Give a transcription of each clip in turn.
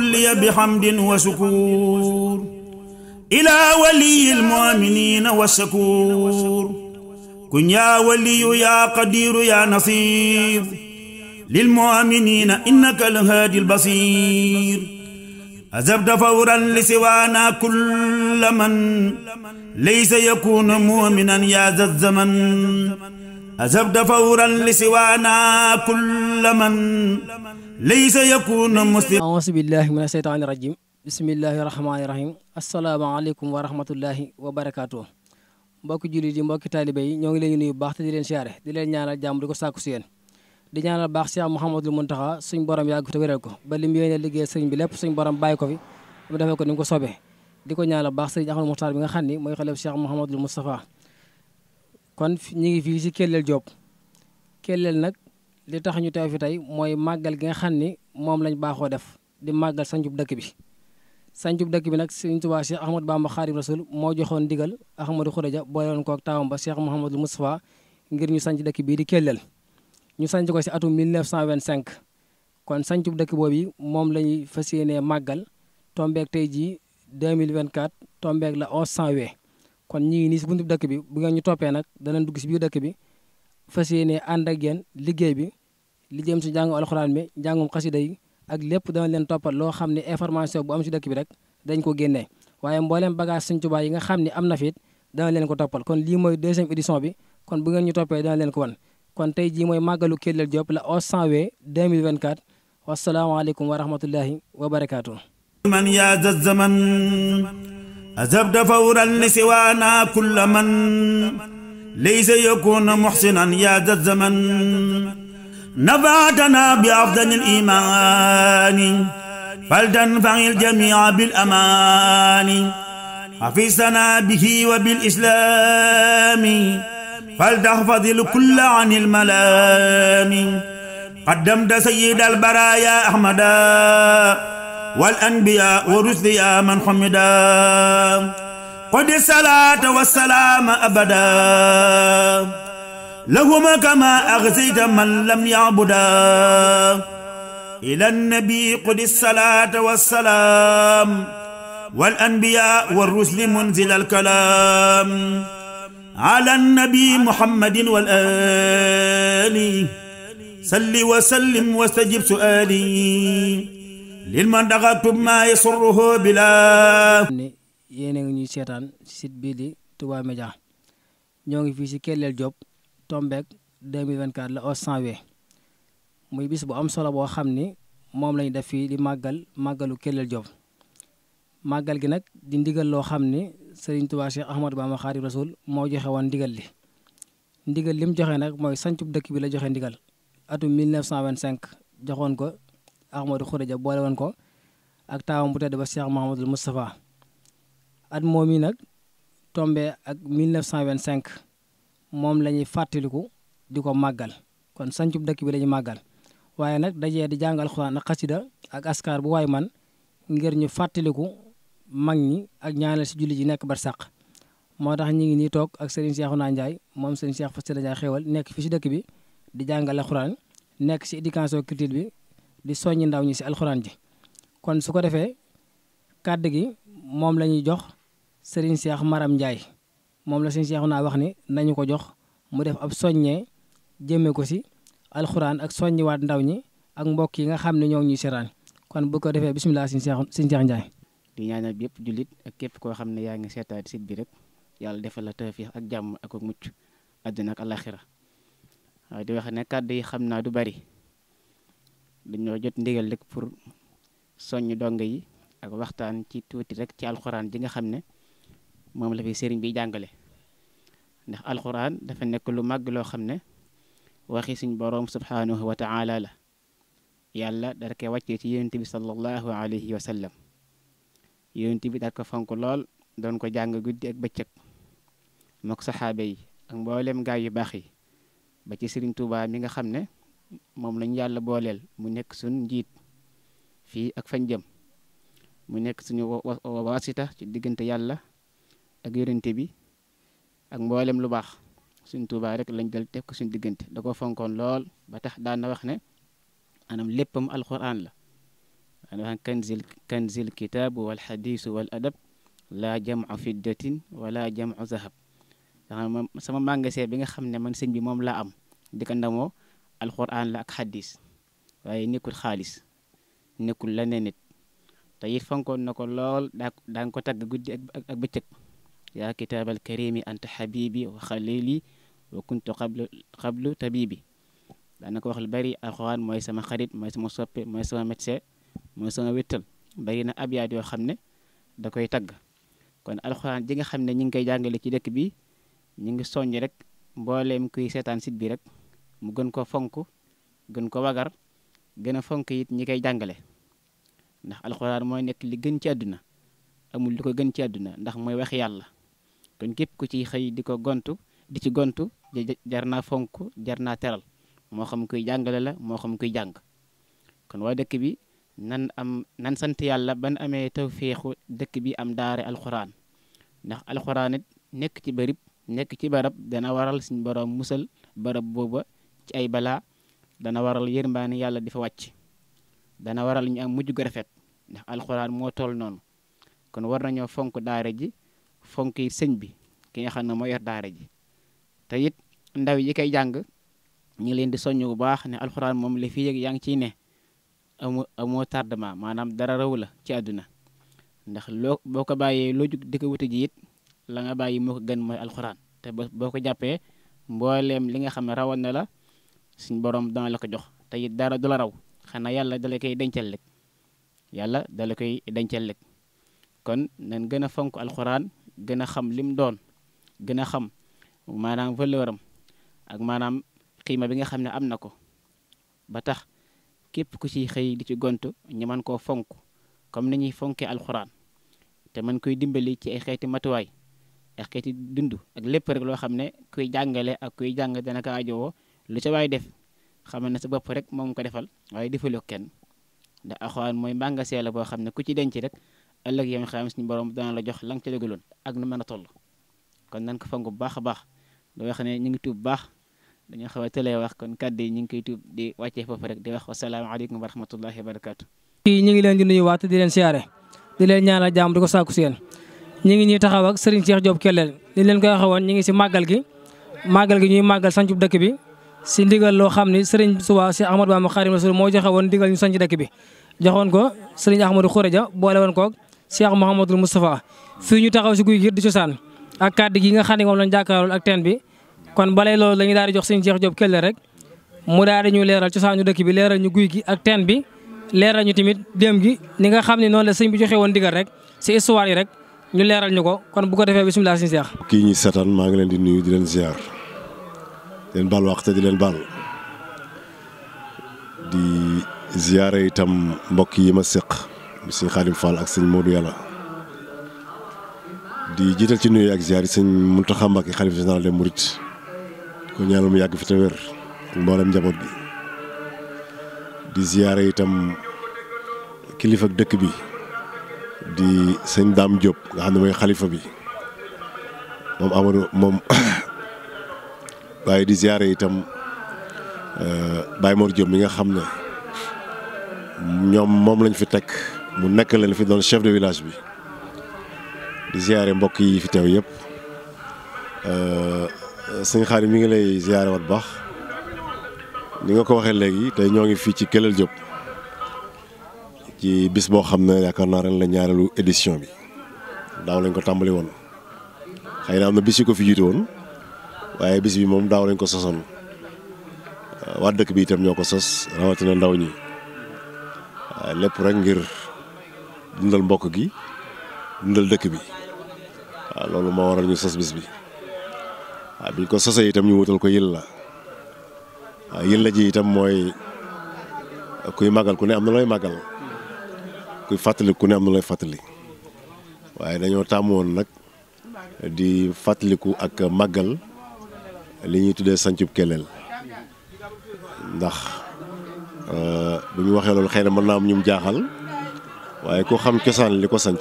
كلي بحمد وشكور إلى ولي المؤمنين والشكور كن يا ولي يا قدير يا نصير للمؤمنين إنك الهادي البصير أزبد فورا لسوانا كل من ليس يكون مؤمنا يا ذا الزمن أزبد فورا لسوانا كل من ليس يكون مسلم أعوذ بالله من الشيطان الرجيم بسم الله الرحمن الرحيم السلام عليكم ورحمة الله وبركاته mbokki jullit yi mbokki taalibe yi ñoo ngi leen nuyu baax te di leen siyaare di leen ñaanal jàmm di ko sàkku si yéen di ñaanal baax Cheikh Mouhamadul Mountakha suñ borom yàgg te wéral ko ba lim yéene liggéey sëriñ bi lépp suñ borom bàyyi ko fi mu defee ko ni mu ko soobee di ko ñaanal baax sëriñ Ahmadou Moukhtar nga xam ni mooy xelef Cheikh Mouhamadul Moustapha kon ñu ngi fii si Kellel Diop Kellel nag li tax ñu teew fi tey mooy màggal gi nga xam ni moom lañ baaxoo def di màggal sancub dëkk bi sancub dëkk bi nag Sëriñ Tuubaa Cheikh Ahmadou Bamba Xaadimu Rasuul moo joxoon ndigal Ahmadou Xureja boole woon ko ak taawam ba Cheikh Mouhamadou Moustapha ngir ñu sanc dëkk bii di Kellel ñu sanc ko si atum 1925 kon sancub dëkk boobu moom la ñuy fas yéenee màggal tombeeg tey jii 2024 tombeeg la 11 janvier kon ñi ngi nii si buntu dëkk bi bu ngeen ñu toppee nag danañ dugg si biir dëkk bi fas yéene ànd ak yéen liggéey bi li jëm si jàngu alxuraan mi jàngum xasida yi ak lépp dana leen toppal loo xam ne information bu am si dëkk bi rek dañ ko génnee waaye mbooleem bagage Sëñ Tuubaa yi nga xam ne am na fiit dana leen ko toppal kon lii mooy deuxième édition bi kon bu ngeen ñu toppee dana leen ko wan kon tey jii mooy màggalu Kellel Diop la 11 janvier 2024 wasalaamaaleykum wa rahmatullahi wa barakaatu. man yaa zaman أذبت فورا لسوانا كل من ليس يكون محسنا يا ذا الزمن نفعتنا بأفضل الإيمان فلتنفع الجميع بالأمان حفظنا به وبالإسلام فلتحفظ الكل عن الملام قدمت سيد البرايا أحمدا والأنبياء ورسليا من حمدا قد الصلاة والسلام أبدا لهما كما أغزيت من لم يعبدا إلى النبي قد الصلاة والسلام والأنبياء والرسل منزل الكلام على النبي محمد والآل صل وسلم واستجب سؤالي لمن دغتم ما يسره بلا yéen a ngi ñuy seetaan ci site bii di tuba media ñoo ngi fii ci Kellel job tombek 2024 la 11 janvier muy bis bu am solo bo xamni mom lañ def fi di magal magalu Kellel job magal gi nak di ndigal lo xamni Serigne Touba Cheikh ahmad bama Khadim Rasoul mo joxe won ndigal li ndigal lim joxe nak moy sancub dekk bi la joxe ndigal atum 1925 joxoon ko Ahmadou Khourédia boole won ko ak taawam bu tedd ba Cheikh Mahamadul mustapha at momi nak tombé ak 1925 mom lañuy ñuy diko di kon sancub dekk bi lañuy magal waye nak dajé di jàng alcorane ak xasida ak askar bu way man ngir ñu fatiliku mag ñi ak ñaanal ci julli ji nekk bar sax motax ñi ngi ni tok ak Serigne ouna ndjay mom Serigne Cheikh Fassila ndjay xewal nekk fi si dekk bi di jàngal alcorane nekk ci éducation critique bi di soññi ndaw ñi si alxuraan ji kon su ko defee kàdd gi moom la ñuy jox sëriñ Cheikh Maram Ndiaye moom la sëriñ Cheikh naa wax ni nañu ko jox mu def ab soññee jëmee ko si alxuraan ak soññiwaat ndaw ñi ak mbokk yi nga xam ne ñoo ngi ñuy seraan kon bu ko defee bisimilah sëriñ Cheikh sëriñ Cheikh Ndiaye. di ñaanal jullit ak képp koo xam ne yaa ngi seetaat site bi rek yàlla defal la tawfiix ak jàmm ak mucc àddina ak àllaaxira waaye di wax ne kàddu yi xam naa du bari dañoo jot ndigal rek pour soññ donga yi ak waxtaan ci tuuti rek ci alxuraan ji nga xam ne moom la fi sëriñ bi jàngale ndax alxuraan dafa nekk lu màgg loo xam ne waxi suñ boroom subhanahu wa taala la yàlla dara koy wàccee ci yonent bi sallallahu alayhi wa sallam yonent bi daal ko fonk lool doon ko jàng guddi ak bëccëg mook saxaaba yi ak mboolem gaay yu baax yi ba ci sëriñ Tuubaa mi nga xam ne mom lañu yàlla booleel mu nekk suñ njiit fii ak fañ jëm mu nekk suñu wasita ci diggante yàlla ak yërënte bi ak mboolem lu baax suñ tuubaa rek lañ jël teg ko suñ diggante da ko fonkoon lool ba tax daan na wax ne anam léppam alquran la ana na wax kanzil kanzil kitaabu wal xadiisu wal adab la jamcu fiddatin wala jamcu zahab sama màngasee bi nga xam ne man sëñ bi moom laa am di ko ndamoo alxuraan la ak xaddis waaye nekkul xaalis nekkul la ne nit te it fonkoon na ko lool daa ko tagg guddi ak ak bëccëg yaa kitaabal karimi anta xabibi wa xalili xablu xablu tabibi daana ko wax lu bari alxuraan mooy sama xarit mooy sama soppe mooy sama médecin mooy sama wéttal bari na ab yoo xam ne da koy tagg kon alxuraan ji nga xam ne ñi ngi koy jàngale ci dëkk bi ñu ngi soññ rek mbooleem kuy seetaan sit bi rek mu gën ko fonk gën ko wagar gën a fonk it ñi koy jàngale ndax alxuraan mooy nekk li gën ci àdduna amul di ko gën ci àdduna ndax mooy wax yàlla kon képp ku ci xëy di ko gont di ci gontu jar naa fonk jar naa teral moo xam kuy jàngale la moo xam kuy jàng kon waa dëkk bi nan am nan sant yàlla ban amee tawféexu dëkk bi am daare alxuraan ndax alxuraan nekk ci bërib nekk ci barab dana waral suñ borom musal barab booba ci ay balaa dana waral yërmaane yàlla di fa wàcc dana waral ñu am mujj gu rafet ndax alxuraan moo tool noonu kon war nañoo fonk daare ji fonk yi sëñ bi ki nga xam na moo yor daare ji te it ndaw yi kay jàng ñu ngi leen di soññ bu baax ne alxuraan moom la fi yëg yaa ngi ciy ne amoo amoo tardement maanaam dara raw la ci àdduna ndax loo boo ko bàyyee loo di ko wuti ji it la nga bàyyi moo ko gën mooy alxuraan te boo ko jàppee mbooleem li nga xam rawoon na la suñ borom dana la ko jox te it dara du la raw xanaa yàlla dala koy dencal lek yàlla dala koy dencal lek kon nañ gën a fonk alxuraan gën a xam lim doon gën a xam maanaam valeur ak maanaam xiima bi nga xam ne am na ko ba tax képp ku ci xëy di ci gont ñu man koo fonk comme ni ñuy fonkee alxuraan te man koy dimbali ci ay xeeti matuwaay ay xeeti dund ak lépp rek loo xam ne kuy jàngale ak kuy jàng dana ko ajowoo lu ca way def xamal na sa bop rek mom ko defal way defal kenn ken da akhwan moy mbanga boo bo ne ku ci denc rek ëlëk yam xam suñu borom dana la jox lang nga ca dégaloon ak nu mën toll kon nan ko fangu bax bax do wax ne ñu ngi tuub bax dañu xawé télé wax kon kaddi ñi ngi koy tuub di wacce fofu rek di wax alaykum wa rahmatullahi wa barakatuh barakaatu. ñi ngi leen di nuyu nuyuwaat di leen siaré di leen ñaanal jaam diko ko seen ñi ngi ñi taxaw ak Serigne Cheikh job Kellel di leen koy xawon ñi ngi ci magal gi magal gi ñuy magal sancub dekk bi si ndigal loo xam ni sëriñ Tuubaa si Ahmadu Bamba Xaadimu moo joxe woon ndigal ñu sanc dëkk bi joxoon ko sëriñ Ahmadou Khourédia boole woon ko Cheikh Mouhamadul Moustapha fii ñu taxaw si guy gi di cosaan ak kàddu nga xam ne moom lañ jàkkaarlool ak teen bi kon balay loolu lañu daal di jox sëriñ Cheikh Diop Kelle rek mu daal bi leeral ñu guy gi ak teen bi leeral ñu tamit gi ni nga xam ne noonu la sëñ bi joxe woon ndigal rek si histoire yi rek ñu leeral ñu ko kon bu ko defee bisimilah sëriñ Cheikh kii ñi satan maa ngi leen di nuyu di leen ziar leen baal wax te di leen baal di ziyaare itam mbokk yi ma séq bi sëñ Xaadim Fall ak sëñ Modou Yàlla di jiital ci nuyu ak ziyaar yi sëñ Muntaxa Mbàkke xalifa njaboot bi di ziyaare itam kilifa dëkk bi di sëñ Daam Diop nga xam ne mooy xalifa bi moom Amadou moom waaye di ziare itam euh, Baye Mor Diop mi nga xam ne ñoom moom lañ fi teg mu nekk leen fi doon chef de village bi di ziare mbokk yi fi teew yëpp euh, sëñ xaar mi ngi lay ziare wat baax ni nga ko waxee léegi tey ñoo ngi fii ci Kelel Diop ci bis boo xam ne yaakaar naa ren la ñaareelu édition bi daaw lañ ko tàmbali woon xëy na am na bis yu ko fi jiitu woon. waaye bis bi moom daaw lañ ko sosoon waa dëkk bi itam ñoo ko sos rawatina ndaw ñi lépp rek ngir dundal mbokk gi dundal dëkk bi waaw loolu moo waral ñu sos bis bi waaw biñ ko sosee itam ñu wutal ko yël la waaw yël la ji itam mooy kuy màggal ku ne am na looy màggal kuy fàttaliku ku ne am na looy fàttali waaye dañoo tàmm woon nag di fàttaliku ak màggal li ñuy tuddee sancub keleel ndax euh, bu ñu waxee loolu xëy na mën naa am ñu mu jaaxal waaye ku xam cosaan li ko sañc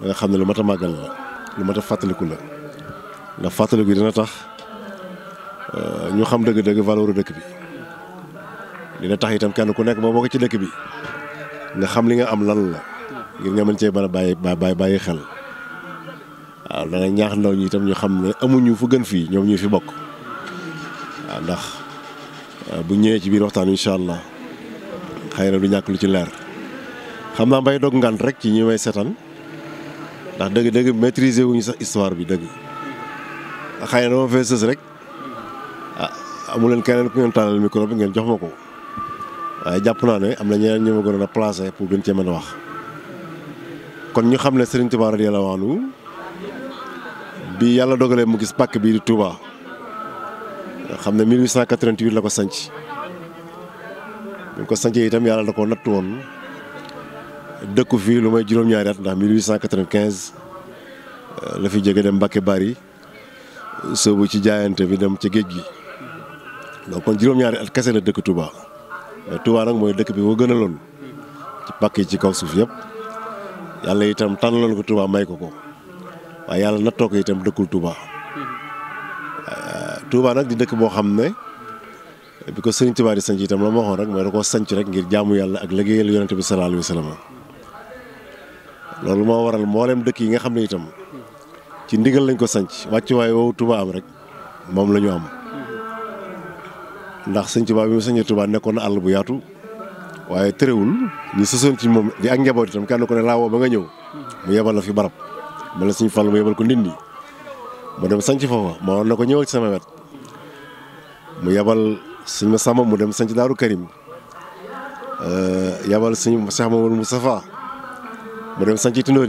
da nga xam ne lu mat a màggal la lu mat a fàttaliku la ndax fàttaliku dina tax euh, ñu xam dëgg-dëgg valeur dëkk bi dina tax itam kenn ku nekk moo bokk ci dëkk bi nga xam li nga am lan la ngir nga mën cee mën a bàyyi bàyyi bàyyi xel. waaw dana ñaax ndaw ñi itam ñu xam ne amuñu fu gën fii ñoom ñu fi bokk waaw ndax euh, bu ñëwee ci biir waxtaan incha allah xëy na du ñàkk lu ci leer xam naa bay dog ngant rek ci ñi may seetaan ndax dëgg dëgg maîtriser wuñu sax histoire bi dëgg xëy na dama fee sës rek ah amu leen keneen ku ngeen tàllal micro bi ngeen jox ma ko waaye jàpp naa ne am na ñeneen ñu ma gënoon a placé pour gën cee mën a wax kon ñu xam ne Serigne Touba radiyallahu anhu bi yàlla dogalee mu gis pàkk bii di Touba xam ne 1888 la ko sanc bi ko yi tam yàlla da ko natt woon dëkku fii lu may juróom-ñaari at ndax 1895 la fi jege dem Mbacke Bari bu ci jaayante bi dem ci géej gi donc kon juróom-ñaari at kese la dëkk Touba mais Touba nag mooy dëkk bi ko gënaloon ci pàkk yi ci kaw suuf yëpp yàlla itam tànnaloon ko Touba may ko ko. waaye yàlla nattoo ko itam dëkkul Touba. Euh, Touba nag di dëkk boo xam ne bi ko sëriñ Touba di yi tam la ma waxoon rek mooy da koo sanc rek ngir jaamu yàlla ak liggéeyal yonente bi sallallahu alayhi wa sallam moo waral mboolem dëkk yi nga xam ne itam ci ndigal lañ ko sanc wàccuwaay woowu Touba am rek moom la ñu am ndax sëñ Touba bi mu sañee Touba nekkoon na àll bu yaatu waaye tërëwul ñu sosoon ci moom di ak njaboot itam kenn ku ne laawoo ba nga ñëw mu yebal la fi barab bala suñu fàll mu yebal ko ndindi ma dem sanc foofa ma woon na ko ñëwal ci sama wet mu yebal suñ ma sàmm mu dem sanc daaru karim eh, yabal suñu Cheikh Mamadou Moustapha mu dem sanc tundóor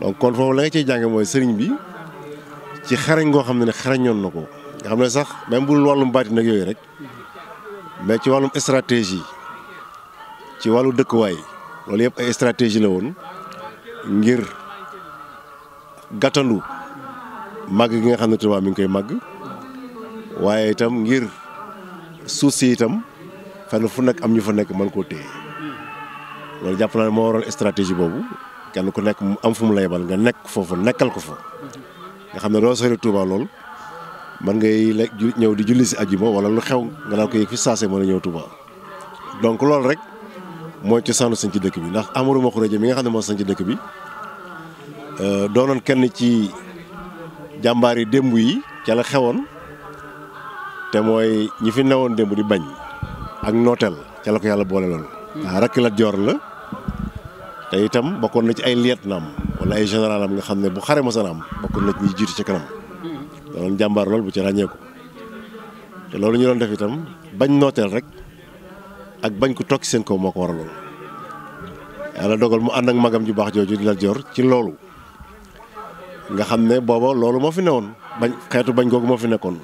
donc kon foofu la nga cey jànge mooy sëriñ bi ci xarañ goo xam ne ne ñoon na ko nga xam ne sax même bu dul wàllum baati nag yooyu rek mais ci wàllum stratégie ci wàllu dëkkuwaay loolu yëpp ay stratégie la woon ngir gàttandu màgg gi nga xam ne Touba mi ngi koy màgg waaye itam ngir suuf si itam fenn fu nekk am ñu fa nekk mën koo téye loolu jàpp naa ne moo waral stratégie boobu kenn ku nekk mu am fu mu lay bal nga nekk foofu nekkal ko fa nga xam ne doo sori Touba lool man ngay lekk ñëw di julli si àjjuma wala lu xew nga naan ko yëg fi saase mën a ñëw Touba donc loolu rek mooy cosaanu sañ ci dëkk bi ndax Amadou Makhourédia mi nga xam ne moo sañ ci dëkk bi Euh, donon kenn ci jambaari dembu yi ci la xewon te moy ñi fi newoon dembu di bañ ak notel ci la ko yalla boole loon waaw la jor la te itam bokon na ci ay lieutenant wala ay general am nga xam bu xare ma sa nam bokon na ci ñuy ci kanam lool bu ci te loolu ñu doon def itam bañ notel rek ak bañ ko tok seen ko moko ko waraloon dogal mu and ak magam ju bax jooju di la jor ci loolu nga xam ne booba loolu moo fi newoon bañ xeetu bañ googu moo fi nekkoon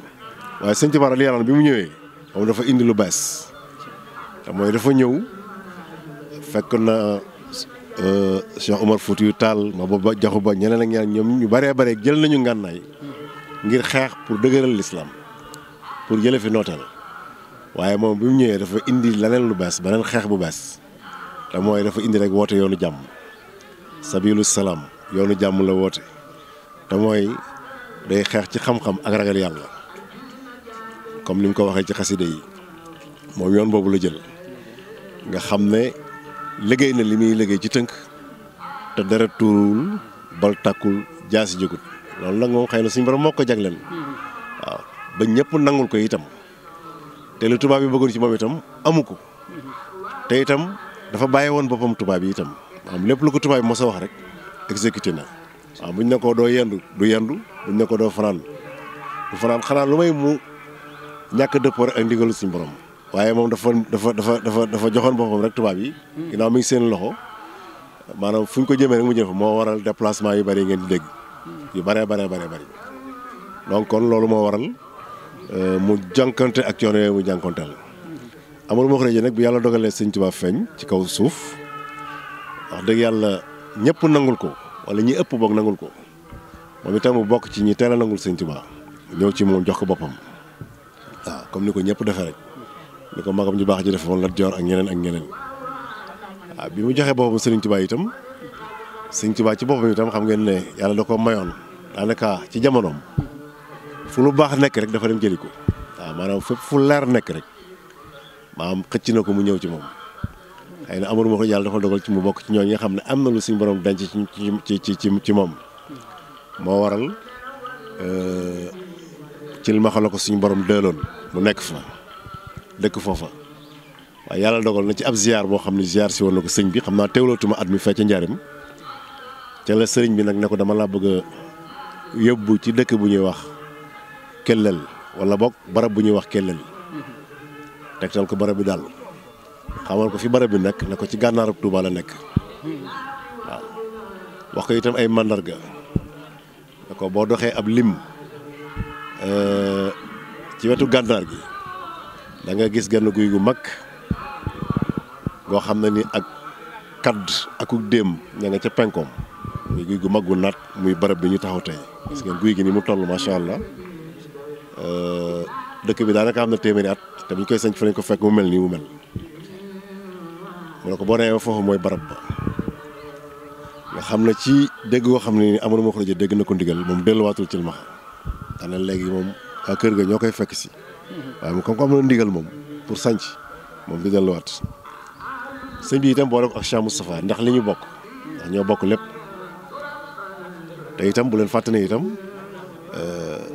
waaye sëñ Tuubaa li yaraan bi mu ñëwee moom dafa indi lu bees te mooy dafa ñëw fekk na euh, Cheikh Omar Foutiyou Tall ma ba jaxu ba ñeneen ak ñaan ñu baree bare jël nañu ngànnaay ngir xeex pour dëgëral lislaam pour jële fi nooteel waaye moom bi mu ñëwee dafa indi leneen lu bees beneen xeex bu bees te mooy dafa indi rek woote yoonu jàmm sabilu salaam yoonu jàmm la woote te mooy day xeex ci xam-xam ak ragal yàlla comme ni mu ko waxee ci xaside yi moom yoon boobu la jël nga xam ne liggéey na li muy liggéey ci tënk te dara tuurul bal tàkkul jaasi jógut loolu nag moom xëy na suñu borom moo ko jagleen waaw ba ñëpp nangul ko itam te lu tubaab yi bëggoon ci moom itam amu ko te itam dafa bàyyi woon boppam tubaab yi itam am lépp lu ko tubaab yi mos a wax rek exécuté na waaw ah, buñ ne ko do yendu du yendu buñ ne ko do fanaan du fanaan xana lu may mu ñak dëppoo rek ak ndigal suñ borom waye mom dafa dafa dafa dafa dafa joxon bopam rek tuba bi hmm. ginaaw mi ngi seen loxo manam fuñ ko jëme rek mu jëf mo waral déplacement yu bari ngeen di dégg hmm. yu bare bare bare bari donc kon lolu mo waral euh, mu jankante ak yone mu jànkonteel hmm. amul mo xëy nak bu yalla dogalé sëñ tubaab feñ ci kaw suuf wax deug yalla ñepp nangul ko wala ñi ëpp boog nangul ko moom itam mu bokk ci ñi teel a nangul sëñ Tuubaa ñëw ci moom jox ko boppam waaw comme ni ko ñëpp defee rek ni ko magam ñu baax ji defoon la Joor ak ñeneen ak ñeneen bi mu joxee boppam sëriñ Tuubaa itam sëñ Tuubaa ci boppam itam xam ngeen ne yàlla da ko mayoon daanaka ci jamonoom fu lu baax nekk rek dafa dem jëli ko waaw maanaam fépp fu leer nekk rek maanaam xëcc na ko mu ñëw ci moom. xëy na amul ma ko yàlla dafa dogal ci mu bokk ci ñooñu nga xam ne am na lu suñu borom denc ci ci ci ci ci moom moo waral euh, ci li ma xala ko suñu borom deeloon mu nekk fa dëkk foofa waaye yàlla dogal na ci ab ziar boo xam ne ziar si woon na ko sëñ bi xam naa teewlootuma at mi fee njarim njaarim ca la sëriñ bi nag ne ko dama laa bëgg a yóbbu ci dëkk bu ñuy wax kellel wala boog barab bu ñuy wax kellel mm-hmm. tegtal ko barab bi daal. xamal ko fi bare bi nekk ne ko ci gànnaarub Touba la nek wax ko itam ay mandarga ne ko boo ab lim eh, ci wetu gànnaar gi da nga gis gannu guy gu mak go xamna ni ak kadd aku dem ña nga ci penkom muy guy gu mag gu nat muy barab bi ñu taxaw tay gis que guy gi ni mu ma sha allah eh, dëkk bi naka am na téméré at te ñu koy sañ fa lañ ko fekk mu mel mu mel mu ne ko boo demee foofu mooy barab ba nga xam ne ci dégg goo xam ne ni Amadou Mokhtar dégg na ko ndigal moom delluwaatul ci Cilmaxa xanaa léegi moom waa kër ga ñoo koy fekk si waaye comme ko am na ndigal moom pour sanc moom di delluwaat sëñ bi itam boole ko ak Cheikh Moustapha ndax li ñu bokk ndax ñoo bokk lépp te itam bu leen fàtte ne itam euh,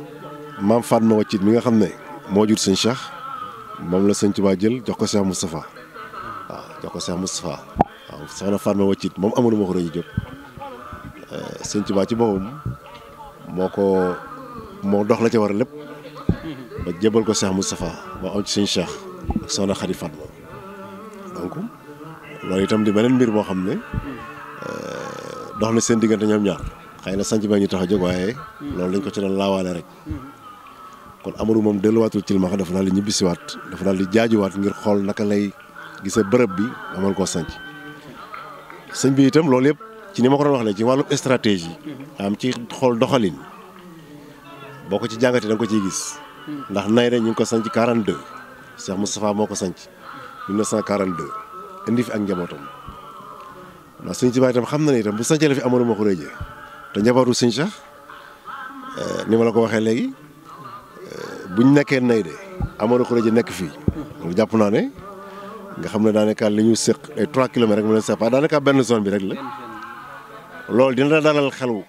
maam Fatma Waccit mi nga xam ne moo jur sëñ Cheikh moom la sëñ Tuubaa jël jox ko Cheikh Moustapha Ya joko eh, ko Cheikh Moustapha waaw soxna Fatma Waccit mom amul ma ko rëy jóg seigne Tuubaa ci bobum moko mo dox la ci war lepp ba jebal ko Cheikh mustafa ba am ci seigne Cheikh ak soxna khalifa donc loolu itam di benen mbir bo xamne euh dox na seen diggante ñoom ñaar xëy na ba ñu tax a loolu lañ ko ci doon laawaale rek kon Amadou moom delluwaatul ci ma dafa daal ñibisi wat dafa dal di wat ngir xol naka lay gisee bërëb bi nga mën koo sanc sëñ bi itam loolu yëpp ci ni ma ko doon wax ne ci wàllum stratégie am ci xool doxalin boo ko ci jàngatee da ko ci gis ndax nay rek ñu ngi ko sanc 42 mu Moustapha moo ko sanc 1942 indi fi ak njabootam ndax sëñ Tuubaa itam xam na ne itam bu sancee la fi amoon moo ko rëjee te njabootu sëñ Cheikh eh, ni ma la ko waxee léegi eh, buñ nekkee nay de amoon ko nekk fii loolu jàpp naa ne nga xamne da naka liñu sekk ay 3 km rek len leen da naka ben zone bi rek la lol dina la dalal xelu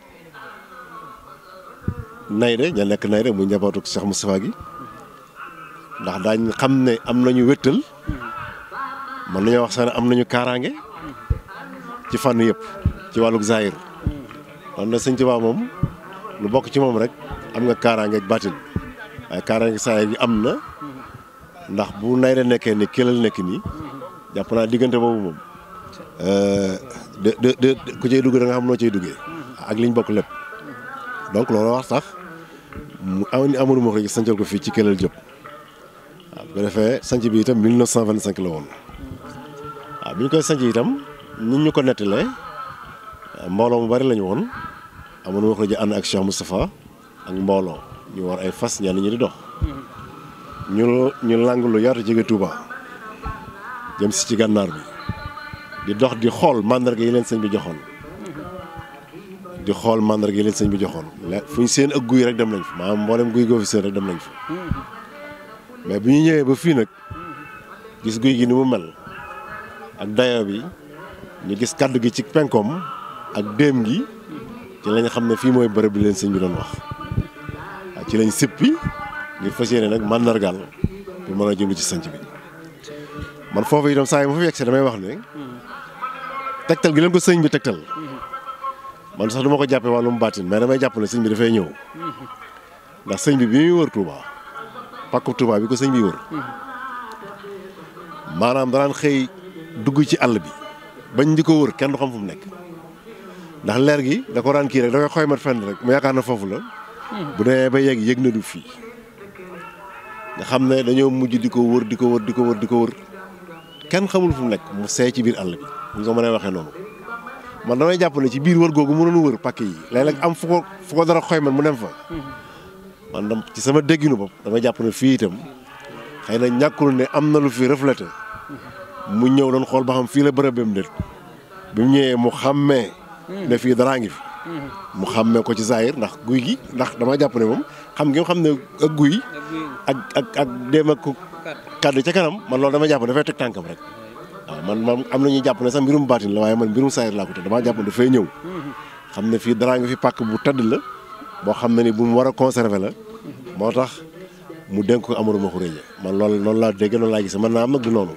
Nayde ña nekk Nayde muy njabootu Cheikh Moustapha gi ndax dañ xamne ne am nañu wëttal man lañu wax sax am nañu karangé ci fànn yépp ci walu zahir on na ci ba mom lu bok ci mom rek am nga karangé ak batil ay karangé saa yi amna ndax bu nayre nekkee ni kelal nekk nii jàpp naa diggante boobu moom eh, de de de ku cey dugg da nga xam no cey duggé ak liñ bokk lepp donc loolu wax sax mu am mo Mokho sancal ko fi ci Kelel jëp ah, bu ko bi itam 1925 la won ah bi ñu koy sanc itam nit ñu ko netalé ah, mbolo mu bari lañu woon Amadou Mokho ji and ak Cheikh mustapha ak mbolo ñu war ay fas ñan ñi di dox ñu ñu làng lu yaatu jege Touba jëm si ci gannaar bi di dox di xol mandarga yi leen bi joxoon di xol mandarga yi leen bi joxoon fuñ seen ak guuy rek dem nañ fi maanaam mbolem guuy goo fi seen rek dem nañ fi mais bu ñu ñëwee ba fii nag gis guy gi ni mu mel ak dayo bi ñu gis kaddu gi ci penkom ak dem gi ci lañ xam ne fii mooy bërëb bi leen sëñ bi doon wax ci lañ sippi ngir fas yéene nag màndargaal pour mën a jublu ci sanc bi man foofu itam saa yi ma fa yegg si damay wax ne tegtal gi leen ko sëñ bi tegtal man sax du ko jàppee wàllu wàllum baatin mais damay jàpp ne sëñ bi dafay ñëw ndax sëñ bi bi muy wër Touba pàkku Touba bi ko sëñ bi wër maanaam danaan xëy dugg ci àll bi bañ di ko wër kenn du xam fu mu nekk ndax leer gi da ko daan kii rek da koy xoymat fenn rek mu yaakaar na foofu la bu demee ba yegg yëg na du fii nga xam ne dañoo mujj di ko wër di ko wër di ko wër di ko wër kenn xamul fu mu nekk mu see ci biir àll bi ñu ko mën a waxee noonu man damay jàpp ne ci biir wër googu mu doon wër pàkk yi léeg-léeg am fu ko fu dara xooy man mu dem fa man dam ci sama dégginu bopp damay jàpp ne fii itam xëy na ñàkkul ne am na lu fi reflété mu ñëw doon xool ba xam fii la bërëb bam déet bi mu ñëwee mu xàmmee ne fii daraa ngi fi mu xàmmee ko ci saayir ndax guy gi ndax dama jàpp ne moom xam nga xam ne ak guy ak ak ak dem ak kaddu ca kanam man loolu dama jàpp dafay teg tànkam rek waaw man man am na ñu jàpp ne sax mbirum baatin la waaye man mbirum saayir laa ko te damaa jàpp ne dafay ñëw mm-hmm. xam ne fii daraa nga fi pàkk bu tëdd la boo xam ne ni bu mu war a conserver la mm-hmm. moo tax mu denk ko Amadou Makhourédia man loolu noonu laa dégg noonu laa gise man naa am nag du noonu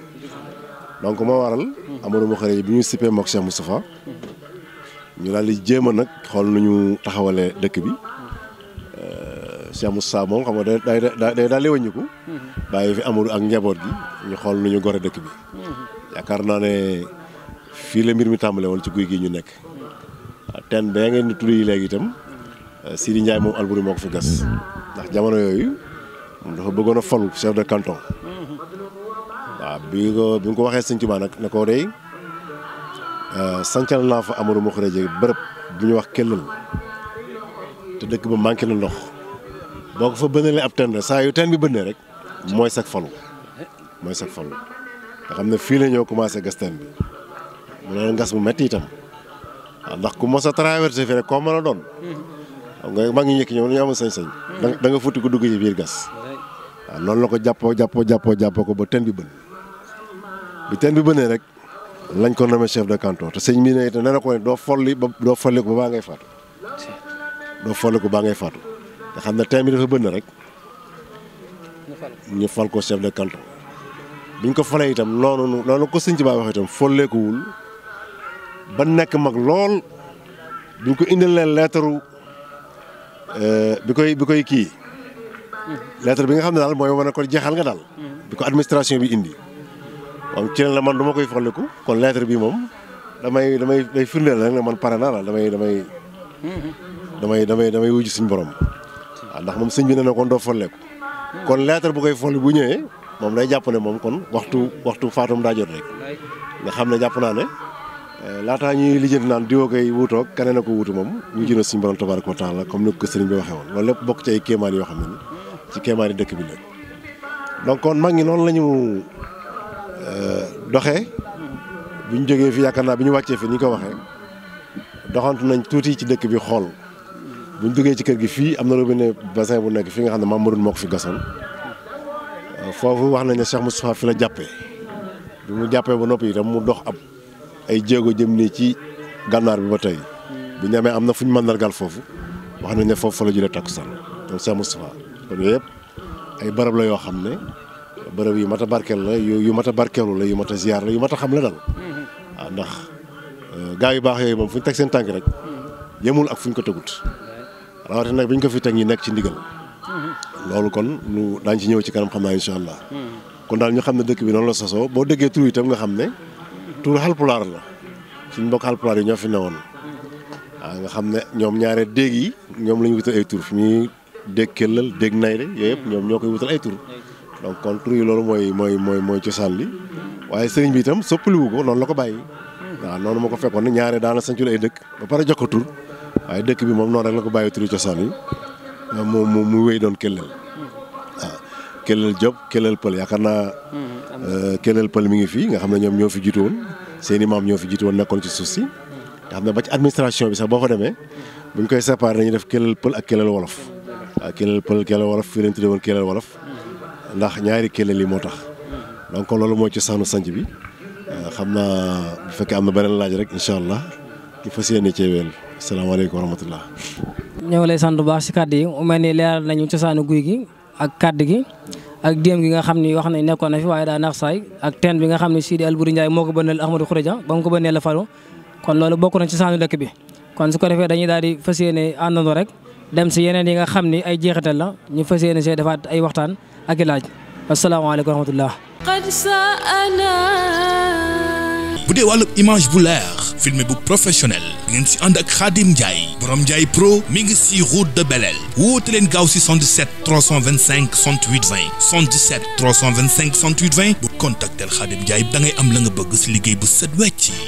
donc moo waral mm-hmm. Amadou Makhourédia bi ñu sippee mook Cheikh Moustapha ñu daal di jéem a nag xool nañu ñu taxawalee dëkk bi Cheikh Moussa moom xam nga day day daal wëññiku mm-hmm. bàyyi fi amul ak njaboot gi ñu xool nu ñu gore dëkk bi mm-hmm. yaakaar naa ne fii la mbir mi tàmbale woon ci guy gi ñu nekk ten ba ngeen di tudd yi léegi itam euh, Sidi Ndiaye moom Albouri moo ko fi gas ndax jamono yooyu dafa bëggoon a falu chef de canton mm-hmm. waaw bi ko bi nga ko waxee sëñ Tuubaa nag ne ko day euh, sancal naa fa Amadou Mokhreje bërëb bu ñu wax kellal te dëkk ba manqué na ndox boo ko fa bënalee ab ten rek saa yu teen bi bënnee rek mooy sag falu mooy sag falu nga xam ne fii la ñoo commencé gas teen bi mu doon gas mu metti itam waaw ndax ku mos a traversé fii rek koo mën a doon xam nga maa ngi ñëkk ñëw ñu amul sañ-sañ da futti ko dugg yi biir gas waaw noonu la ko jàppoo jàppoo jàppoo jàppoo ko ba teen bi bën bi teen bi bënee rek lañ ko nommé chef de canton te sëñ bi ne itam nee na ko ne doo folli ba doo folli ko ba baa ngay faatu doo folli ko baa ngay faatu te xam ne temps bi dafa bënn rek ñu fal ko chef de canton buñ ko falee itam noonu noonu ko sëñ ci baa wax itam folleekuwul ba nekk mag lool buñ ko indi leen leetaru euh, bi koy bi kii lettre bi nga xam ne daal mooy wane ko jeexal nga daal mm-hmm. bi ko administration bi indi moom ci la man du ma koy folleku kon lettre bii moom damay damay day firndeel rek ne man pare naa la mm-hmm. damay damay damay damay damay wujj suñu borom waaw ndax moom sëñ bi ne na kon doo ko kon lettre bu koy foll bu ñëwee moom day jàpp ne moom kon waxtu waxtu faatum daa rek nga xam ne jàpp naa ne euh, laataa ñuy lijjanti naan diwoo koy wutoo keneen a ko wuutu moom ñu jëno suñu borom tabaraka wa taala comme ni ko sëriñ bi waxee woon loolu lépp bokk ci ay kéemaan yoo xam ne ci kéemaan dëkk bi la donc kon mag ngi noonu lañu doxe euh, doxee ñu jógee fi yaakaar naa bi ñu wàccee fi ni ñu ko waxee doxantu nañ tuuti ci dëkk bi xool bu ñu duggee ci kër gi fii am na robine bassin bu nekk fi nga xam ne Mamadou moo ko fi gasoon euh, foofu wax nañ ne Cheikh Moustapha fi la jàppee bi mu jàppee ba noppi itam mu dox ab ay jéego jëm nii ci gànnaar bi ba tey bu ñu am na fu ñu màndargal foofu wax nañ ne foofu fa la jëlee takkusaan donc Cheikh Moustapha kon yooyu yëpp ay barab la yoo xam ne bërëb yu mat a barkeel la yu mat a barkeelu la yu mat a ziar la yu mat a xam la daal waaw mm-hmm. ah, ndax euh, gaa yu baax yooyu moom fu teg seen tànk rek mm-hmm. yemul ak fu ko tegut. rawatina nag bi ñu ko fi teg ñi nekk ci ndigal loolu kon lu daañ ci ñëw ci kanam xam naa incha allah kon daal ñu xam ne dëkk bi noonu la sosoo boo déggee tur itam nga xam ne tur Haalpulaar la suñ mbokk Haalpulaar yi ñoo fi newoon waaw nga xam ne ñoom ñaaree dégg yi ñoom lañu ñu wutal ay tur fi ñuy déeg Kellal déeg Nayre yëpp ñoom ñoo koy wutal ay tur donc kon tur yi loolu mooy mooy mooy mooy cosaan li waaye sëriñ bi itam soppaliwu ko noonu la ko bàyyi waaw noonu ma ko fekkoon ñaaree ñaare daana sañcul lay dëkk ba pare jox ko tur waaye dëkk bi moom noonu rek la ko bàyyi turu cosaan yi moom moom mu wéy doon Kellel waaw Kellel Diop Kellel yaa yaakaar naa. Euh, Kellel Pël mi ngi fi nga xam ne ñoom ñoo fi jiitu woon seen i ñoo fi jiitu woon nekkoon ci suuf si. nga xam ne ba ci administration bi sax boo fa demee bu ñu koy séparé dañuy def Kellel Pël ak Kellel Wolof waaw Kellel Pël Kellel Wolof fii lañ tuddee woon Kellel Wolof ndax ñaari Kellel yi moo tax donc loolu mooy cosaanu sanc bi euh, xam naa bu fekkee am na beneen laaj rek incha allah ki fas yéene cee wéel salaamaaleykum wa rahmatulah. ñoo lay sant bu baax si kàddu yi mu mel ni leeral nañu cosaanu guy gi ak kàdd gi ak déem gi nga xam ni wax nañ nekkoon na fi waaye daa nax saay ak teen bi nga xam ne Sidi Albouri Ndiaye moo ko bënnal Ahmadou Khourédia ba mu ko a la faru kon loolu bokk na ci cosaanu dëkk bi kon su ko defee dañuy daal di fas yéene àndandoo rek dem si yeneen yi nga xam ni ay jeexital la ñu fas yéene see defaat ay waxtaan aki i laaj asalaamaaleykum wa bu dee wàllu image bu leer filmé bu professionnel ngeen si ànd ak Khadim Ndiaye borom Ndiaye pro mi ngi si route de Belel woote leen gaaw si 77 325 68 20 77 325 68 20 bu contactel Khadim Ndiaye da am la nga bëgg si liggéey bu set wecc